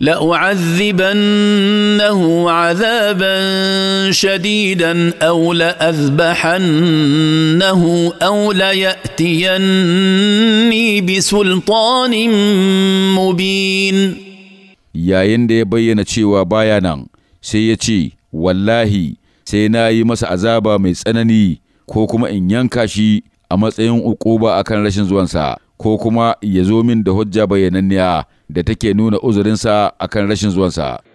لأعذبنه عذابا شديدا أو لأذبحنه أو ليأتيني بسلطان مبين yayin da ya bayyana cewa baya nan sai yace wallahi sai na yi masa azaba mai tsanani ko kuma in yanka shi a matsayin ukuba akan rashin zuwansa ko kuma ya zo min da hujja bayyananniya da take nuna uzurinsa akan rashin zuwansa.